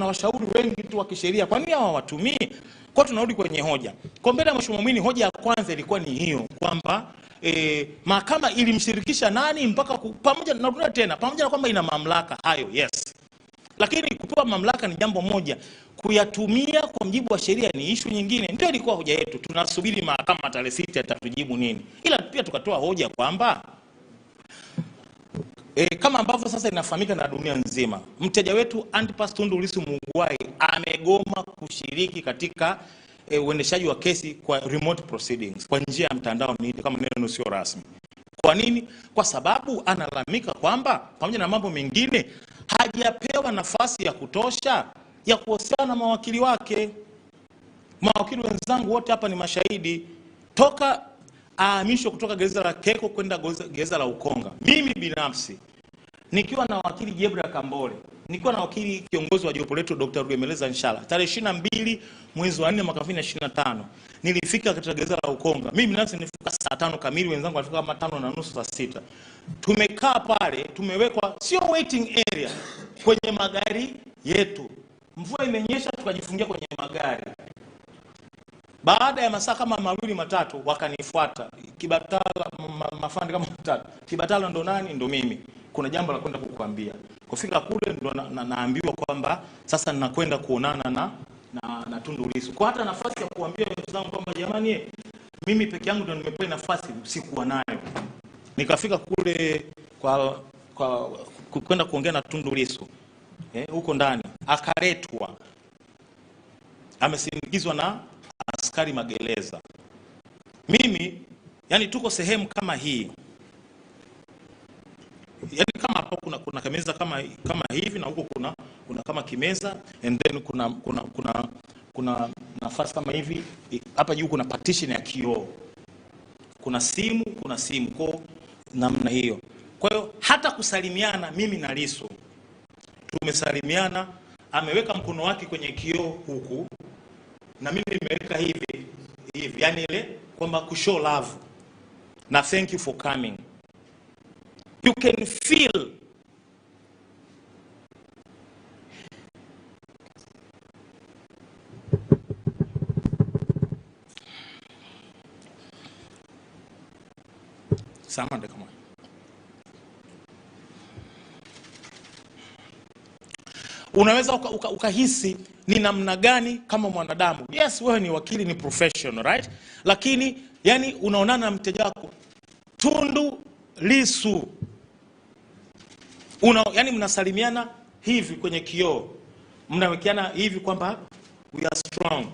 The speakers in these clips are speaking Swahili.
na washauri wengi tu wa kisheria, kwa nini hawawatumii? Kwa tunarudi kwenye hoja kwa mbele ya mheshimiwa Mwini, hoja ya kwanza ilikuwa ni hiyo kwamba eh, mahakama ilimshirikisha nani mpaka pamoja, narudia tena, pamoja na kwamba ina mamlaka hayo, yes, lakini kupewa mamlaka ni jambo moja, kuyatumia kwa mjibu wa sheria ni ishu nyingine. Ndio ilikuwa hoja yetu, tunasubiri mahakama tarehe sita itatujibu nini, ila pia tukatoa hoja kwamba E, kama ambavyo sasa inafahamika na dunia nzima, mteja wetu Antipas Tundu Lissu Mugwai amegoma kushiriki katika e, uendeshaji wa kesi kwa remote proceedings kwa njia ya mtandao, ni kama neno sio rasmi. Kwa nini? Kwa sababu analalamika kwamba pamoja na mambo mengine hajapewa nafasi ya kutosha ya kuhusiana na mawakili wake. Mawakili wenzangu wote hapa ni mashahidi toka ahamishwe kutoka gereza la Keko kwenda gereza la Ukonga. Mimi binafsi nikiwa na wakili Jebra Kambole, nikiwa na wakili kiongozi wa jopo letu Dr. Rugemeleza Nshala, tarehe 22 mwezi wa 4 mwaka 2025 nilifika katika gereza la Ukonga. Mimi binafsi nilifika saa tano kamili, wenzangu walifika kama tano na nusu, saa sita. Tumekaa pale, tumewekwa sio waiting area, kwenye magari yetu. Mvua imenyesha, tukajifungia kwenye magari. Baada ya masaa kama mawili matatu, wakanifuata Kibatala, mafundi kama matatu. Kibatala ndo nani? Ndo mimi kuna jambo la kwenda kukuambia. Kufika kule ndo na, na, naambiwa kwamba sasa ninakwenda kuonana na na, na Tundu Lissu. Kwa hata nafasi ya kuambia wenzangu kwamba jamani, mimi peke yangu ndo nimepewa nafasi, sikuwa nayo. Nikafika kule kwa kwa kwenda kuongea na Tundu Lissu eh, huko ndani akaletwa, amesindikizwa na askari magereza. Mimi yani, tuko sehemu kama hii yani kama hapo kuna, kuna kimeza kama, kama hivi na huko kuna, kuna kama kimeza and then kuna, kuna, kuna, kuna nafasi kama hivi hapa juu kuna partition ya kioo, kuna simu, kuna simu kwa namna hiyo. Kwa hiyo hata kusalimiana, mimi na Lissu tumesalimiana, ameweka mkono wake kwenye kioo huku na mimi nimeweka hivi hivi, yani ile kwamba kushow love na thank you for coming You can feel Someone come on. Unaweza uka, uka, ukahisi ni namna gani kama mwanadamu. Yes, wewe ni wakili, ni professional, right? Lakini yani unaonana na mteja wako Tundu Lisu una, yani mnasalimiana hivi kwenye kioo, mnawekeana hivi kwamba we are strong.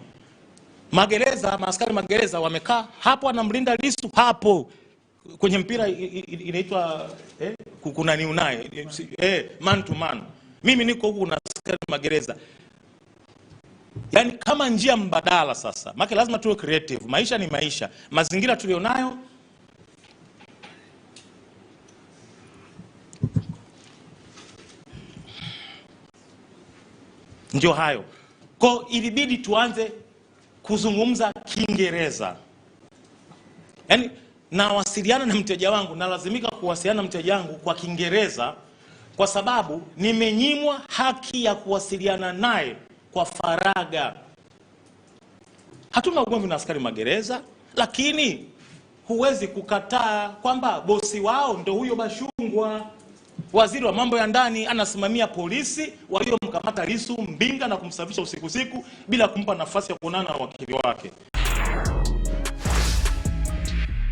Magereza, maaskari magereza wamekaa hapo, anamlinda Lisu hapo kwenye mpira inaitwa eh, kuna ni unaye eh, man to man. Mimi niko huku na askari magereza, yaani kama njia mbadala. Sasa maana lazima tuwe creative, maisha ni maisha, mazingira tulionayo Ndio hayo ko, ilibidi tuanze kuzungumza Kiingereza, yaani nawasiliana na mteja wangu, nalazimika kuwasiliana na mteja wangu kwa Kiingereza kwa sababu nimenyimwa haki ya kuwasiliana naye kwa faraga Hatuna ugomvi na askari magereza, lakini huwezi kukataa kwamba bosi wao ndo huyo Bashungwa. Waziri wa mambo ya ndani anasimamia polisi waliomkamata Lissu Mbinga na kumsafisha usiku siku bila kumpa nafasi ya kuonana na wakili wake.